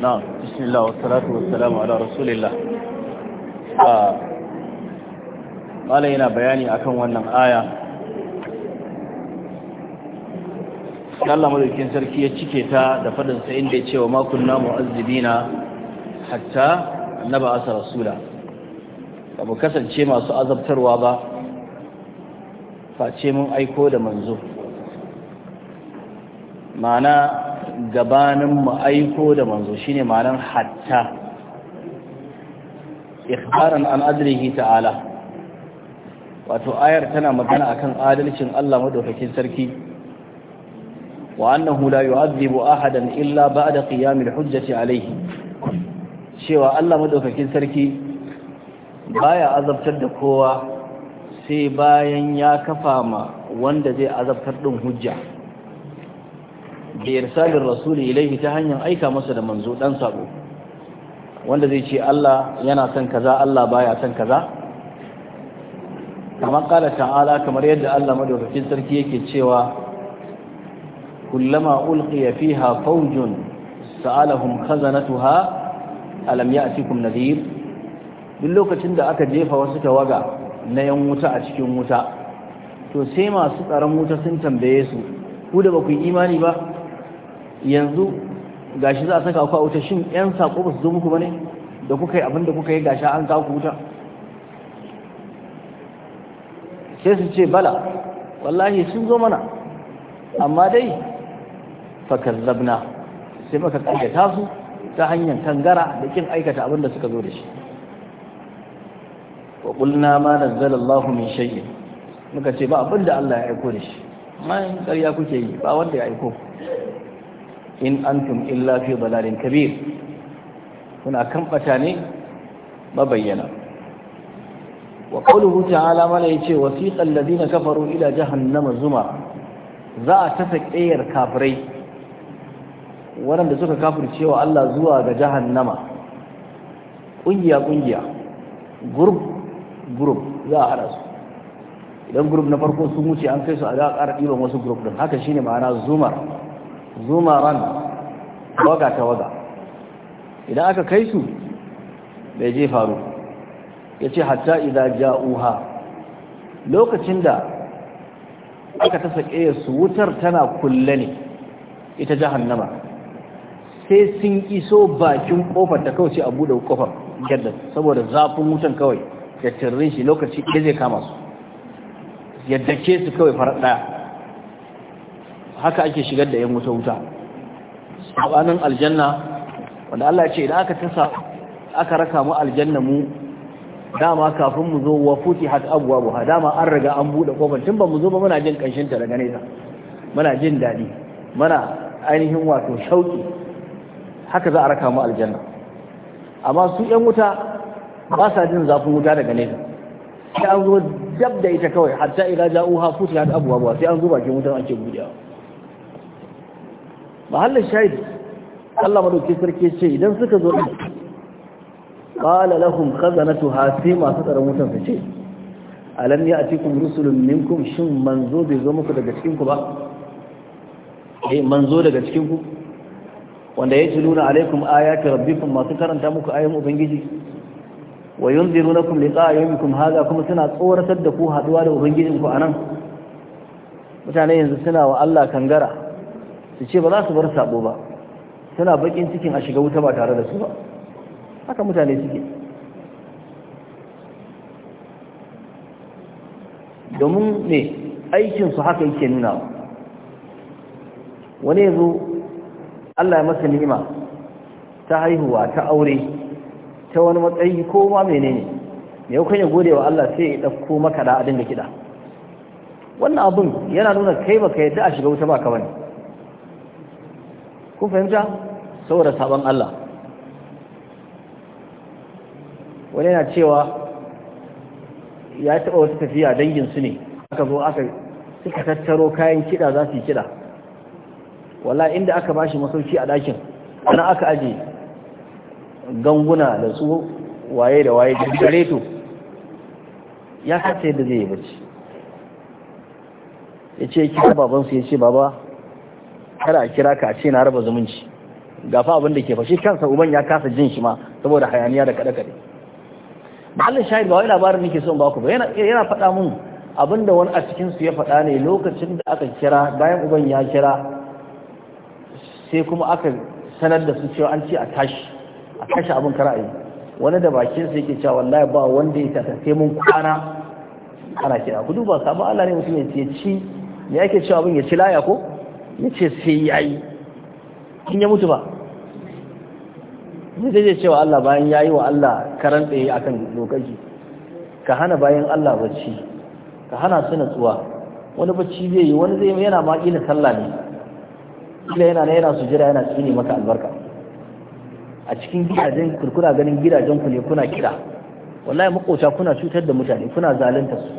na bismillah wa salatu wa salamu ala rasulillah ah. yana bayani akan wannan aya Allah madaukin sarki ya cike ta da fadin sa inda ya ce wa ma kunna mu'azzibina hatta annaba asa rasula ba mu kasance masu azabtarwa ba face mun aiko da manzo ma'ana gabanin mu aiko da manzo shine ma'anar hatta ikhbaran an adrihi ta'ala wato ayar tana magana akan adalcin Allah madaukakin sarki wa annahu la yu'adhibu ahadan illa ba'da qiyamil hujjati alayhi cewa Allah madaukakin sarki baya azabtar da kowa sai bayan ya kafa ma wanda zai azabtar din hujja bi irsalin rasuli ilaihi ta hanyar aika masa da manzo dan sako wanda zai ce Allah yana son kaza Allah baya son kaza kamar kala ta'ala kamar yadda Allah madaukakin sarki yake cewa kullama ulqiya fiha fawjun sa'alahum khazanatuha alam ya'tikum nadhir duk lokacin da aka jefa wasu tawaga na yan wuta a cikin wuta to sai masu tsaron wuta sun tambaye su ku da ba ku imani ba yanzu gashi za a saka ku a wuta shin yan sako ba su zo muku bane da kuka yi abinda kuka yi gashi an kawo ku wuta sai su ce bala wallahi sun zo mana amma dai fakazzabna sai maka karyata su ta hanyar tangara da kin aikata abinda da suka zo da shi wa qulna ma nazzala Allah min shay'in muka ce ba abinda Allah ya aiko da shi mai ƙarya kuke yi ba wanda ya aiko in antum illa fi dalalin kabir kuna kan bata ne mabayyana wa qawluhu ta'ala mala yace wasiqa alladhina kafaru ila jahannama zuma za a tafa kiyar kafirai waɗanda suka kafirce wa Allah zuwa ga jahannama kungiya kungiya group group za a hada su idan group na farko sun wuce an kai su a ga ƙara ɗiban wasu group din haka shine ma'ana zumar zumaran waga ta waga idan aka kai su bai je faru ya ce hatta idan ja'uha lokacin da aka tasa su wutar tana kulle ne ita jahannama sai sun iso bakin ƙofar ta kawai a buɗe kofar yadda saboda zafin wutan kawai ya tirrin shi lokaci ɗaya zai kama su yadda ke su kawai farar ɗaya haka ake shigar da yan wuta wuta sabanin aljanna wanda Allah ya ce idan aka tasa aka raka mu aljanna mu dama kafin mu zo wa futihat abwabuha dama an riga an bude kofar tun ba mu zo ba muna jin kanshin ta daga nesa muna jin dadi muna ainihin wato shauki haka za a raka mu aljanna amma su yan wuta ba sa jin zafin wuta daga nesa sai an zo dab da ita kawai hatta ila ja'uha futihat abwabuha sai an zo bakin wutan ake budewa mahallin shahid Allah madauki sarki ce idan suka zo din qala lahum khazanatu hasi masu tsaron wutan su ce alam ya'tikum rusulun minkum shin manzo bai zo muku daga cikin ku ba eh manzo daga cikin ku wanda ci nuna alaikum ayati rabbikum masu karanta muku ayoyin ubangiji wa yunzirunakum liqa'a yawmikum hadha kuma suna tsoratar da ku haduwa da ubangijinku anan mutane yanzu suna wa Allah kangara su ce ba za su bar sabo ba suna bakin cikin a shiga wuta ba tare da su ba haka mutane suke domin ne aikinsu haka yake nuna wani yanzu Allah ya masa ni'ima ta haihuwa ta aure ta wani matsayi ko ma menene yau kan ya gode wa Allah sai ya ɗauko makaɗa a dinga kiɗa wannan abin yana nuna kai baka yadda a shiga wuta ba ka bane. kun fahimta saboda sabon Allah wani yana cewa ya taɓa wasu tafiya dangin su ne aka zo aka suka tattaro kayan kiɗa za su yi kiɗa wala inda aka bashi masauki a ɗakin ana aka aje ganguna da su waye da waye da to ya kace da zai yi bacci ya ce kira babansu ya ce baba kada a kira ka a ce na raba zumunci gafa abin da ke fashe kansa uban ya kasa jin shi ma saboda hayaniya da kada kada mahallin shahid ba wai labarin nake son baku ba yana yana faɗa mun abin da wani a cikin su ya faɗa ne lokacin da aka kira bayan uban ya kira sai kuma aka sanar da su cewa an ce a tashi a tashi abin kara'ayi wani da bakin sa yake cewa wallahi ba wanda ya ta sai mun kwana ana kira ku duba sabon Allah ne mutum ya ci me yake cewa abin ya ci laya ko yace ce sai ya yi ya mutu ba zai zai cewa Allah bayan ya yi wa Allah karan tsaye a lokaci ka hana bayan Allah bacci ka hana su natsuwa wani bacci zai yi wani zai yana ma na sallah ne kila yana ne yana sujira yana tsini maka albarka a cikin gidajen kurkuna ganin gidajen ku ne kuna kira wallahi makota kuna cutar da mutane kuna zalunta su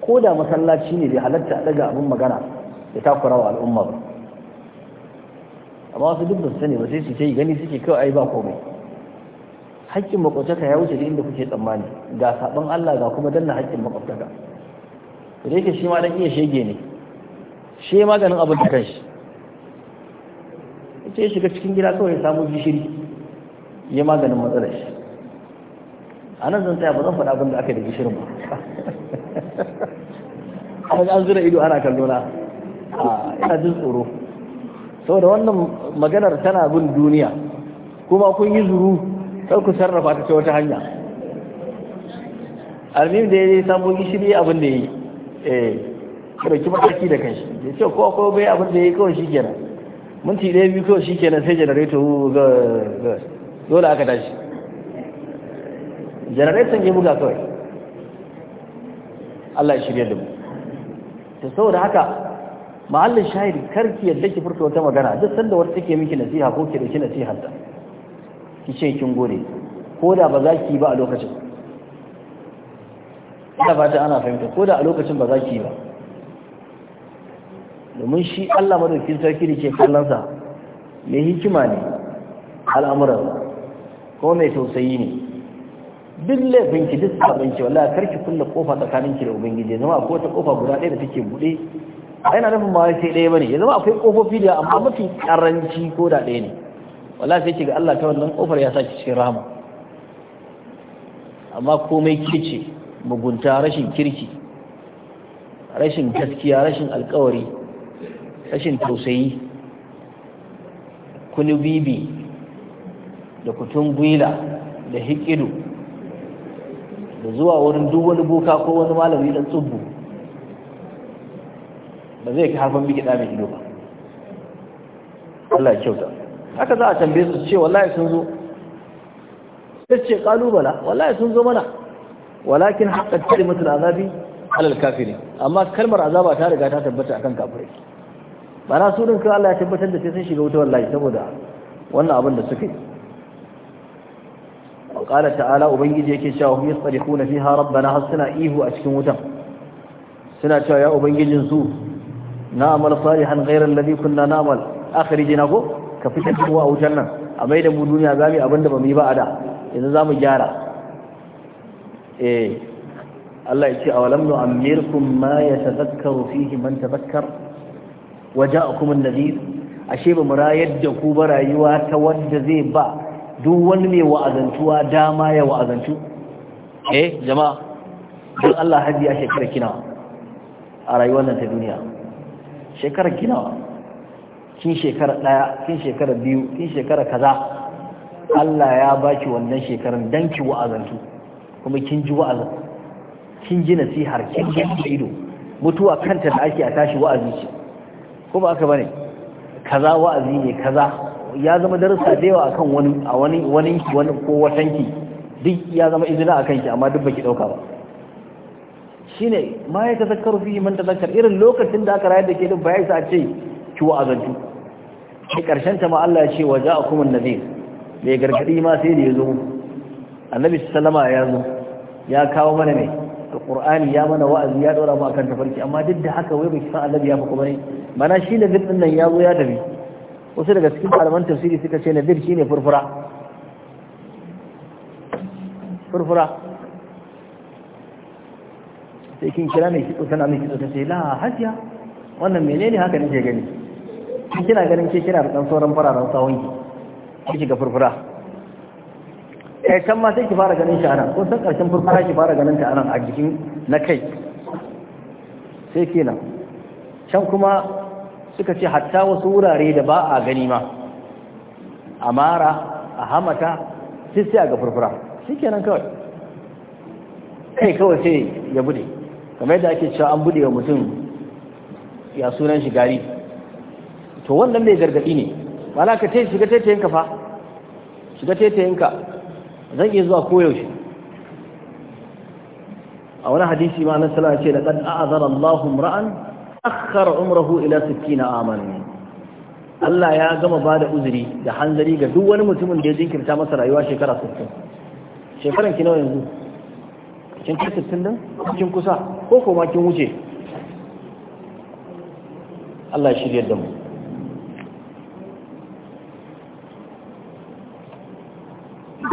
ko da masallaci ne da halatta daga abin magana ya takura wa al'umma ba amma wasu duk da sani ba sai su ce gani suke kawai ai ba komai haƙƙin makwabtaka ya wuce da inda kuke tsammani ga sabon Allah ga kuma danna haƙƙin makwabtaka da yake shi ma dan iya shege ne shi ma maganin abin da kanshi ita ya shiga cikin gida kawai ya samu gishiri ya maganin matsalar shi a nan zan tsaya ba zan faɗa abin da aka yi da gishirin ba A an zura ido ana kallona a'a ina jin tsoro saboda wannan maganar tana bin duniya kuma kun yi zuru sai ku sarrafa ta ta wata hanya almin da ya yi samu gishiri abin da ya yi eh kada ki mataki da kanshi ya ce ko ko bai abin da ya yi kawai shikenan minti ɗaya biyu kawai shikenan sai janareto ga dole aka tashi janareton ya buga kawai Allah ya shirya da mu to saboda haka mahallin shahidi kar ki yadda ki furta wata magana duk sanda wata take miki nasiha ko ki dauki nasiha ta ki ce kin gode ko da ba za ki ba a lokacin ba ta ana fahimta ko da a lokacin ba za ki ba domin shi Allah madaukakin sarki da ke kallon sa hikima ne al'amuran ko mai tausayi ne duk laifin ki duk ki wallahi karki kulle kofa ki da ubangiji zama ko ta kofa guda ɗaya da take buɗe a yana nufin ma sai ɗaya bane ya zama akwai ƙofofi da amma mafi ƙaranci ko da ɗaya ne wala sai ki ga Allah ta wannan ƙofar ya saki cikin rahama amma komai kice mugunta rashin kirki rashin gaskiya rashin alkawari rashin tausayi bibi da kutun gwila da hikidu da zuwa wurin duk wani boka ko wani malami dan tsubbu ba zai harfan miki da mai ido ba Allah ya kyauta haka za a tambaye su ce wallahi sun zo sai ce kalubala wallahi sun zo mana walakin haqqat kalimatul azabi alal kafirin amma kalmar azaba ta riga ta tabbata akan kafirai Bana na su dinka Allah ya tabbatar da sai sun shiga wuta wallahi saboda wannan abin da suke qala ta'ala ubangiji yake cewa hum yasrikhuna fiha rabbana hasna ihu a cikin wutan suna cewa ya na'mal salihan ghayra alladhi kunna na'mal akhrijina ko ka fitar da a wutan nan a mai da mu duniya zamu abinda ba mu yi ba a da yanzu zamu gyara eh Allah ya ce awalam nu'ammirkum ma yatadhakkaru fihi man tadhakkar wa an-nadhir ashe ba mu rayar da ku ba rayuwa ta wanda zai ba duk wani mai wa'azantuwa dama ya wa'azantu eh jama'a duk Allah Haji ya shekara kina a rayuwar nan ta duniya shekarar ginawa kin shekara ɗaya kin shekara biyu kin shekara kaza Allah ya baki wannan shekaran dan ki wa'azantu kuma kin ji wa'azin kin ji nasihar kin ji ido mutuwa kanta da ake a tashi wa'azi ce kuma aka bane kaza wa'azi ne kaza ya zama darussa da yawa akan wani a wani wani ko watanki duk ya zama izina akan ki amma duk baki dauka ba shine ma ya tazakkaru fi man tazakkar irin lokacin da aka rayar da ke din bayan sa a ce ki wa'azantu shi karshen ta ma Allah ya ce wa ja'akum an-nadhir mai gargadi ma sai da yazo annabi sallama ya zo ya kawo mana ne to qur'ani ya mana wa'azi ya dora mu akan tafarki amma duk da haka wai bai san annabi ya fa kuma ne mana shi da din nan ya zo ya tafi wasu daga cikin malaman tafsiri suka ce na nadir shine furfura furfura sai kin kira mai kitso tana mai kitso ta ce la hajiya wannan menene haka nake gani kin kina ganin ke kira da dan sauran fararen sawon ki kike ga furfura eh can ma sai ki fara ganin shi anan ko san karshen furfura ki fara ganin ta anan a jikin na kai sai kenan can kuma suka ce hatta wasu wurare da ba a gani ma a mara a hamata sai sai a ga furfura shikenan kawai kai kawai sai ya bude kamar yadda ake cewa an buɗe wa mutum ya sunan shi gari to wannan mai gargaɗi ne wala ka tai shiga taitayenka fa shiga taitayenka zan iya zuwa koyaushe a wani hadisi ma nan salama ce da kan a'azar Allahu ra'an akhar umrahu ila 60 aman Allah ya gama ba da uzuri da hanzari ga duk wani mutumin da ya jinkirta masa rayuwa shekara 60 shekaran ki nawa yanzu kin 60 din kin kusa ko kuma kin wuce Allah shirye da mu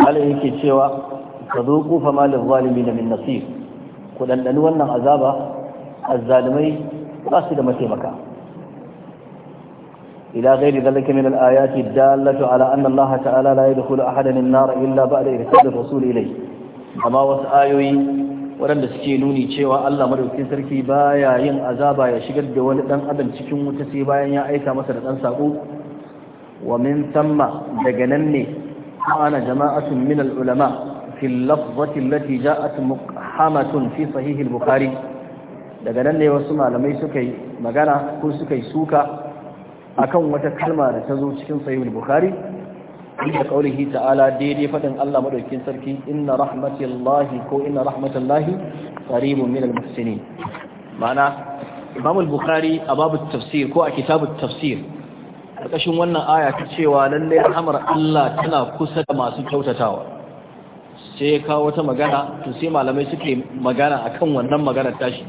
Allah yake cewa fadhuqu fa lil zalimin min nasir ku dandani wannan azaba azzalimai ba su da mataimaka ila ghairi dhalika min al-ayati dallatu ala anna Allah ta'ala la yadkhulu ahadan an-nar illa ba'da irsalil rasul ilayhi amma wasu ayoyi waɗanda suke nuni cewa Allah madaukakin sarki baya yin azaba ya shigar da wani dan adam cikin wuta sai bayan ya aika masa da dan sako wa min tamma daga nan ne ana jama'atun min al-ulama fi al-lafzati allati ja'at muqhamatun fi sahih al-bukhari daga nan ne wasu malamai suka yi magana ko suka yi suka akan wata kalma da ta zo cikin sahih al-bukhari inda kaulihi ta'ala daidai fadin Allah madaukakin sarki inna rahmatullahi ko inna rahmatullahi qaribun minal muhsinin ma'ana Imam al-Bukhari a babu tafsir ko a kitabu tafsir karkashin wannan aya ta cewa lalle rahamar Allah tana kusa da masu kyautatawa sai kawo wata magana to sai malamai suke magana akan wannan maganar tashi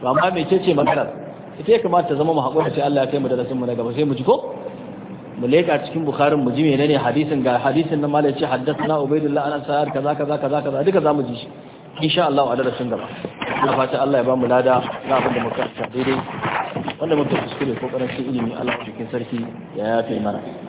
to amma me ce maganar ita ya kamata zama mu hakura sai Allah ya kai mu darasin mu na gaba sai mu ji ko mu cikin bukharin mu ji menene hadisin ga hadisin nan malai ce haddathana ubaydullah an sa'ar kaza kaza kaza kaza duka zamu ji shi insha Allah a darasin gaba ina fata Allah ya ba mu lada na abin da muka daidai wanda muka kuskure ko karancin ilimi Allah cikin sarki ya yafe mana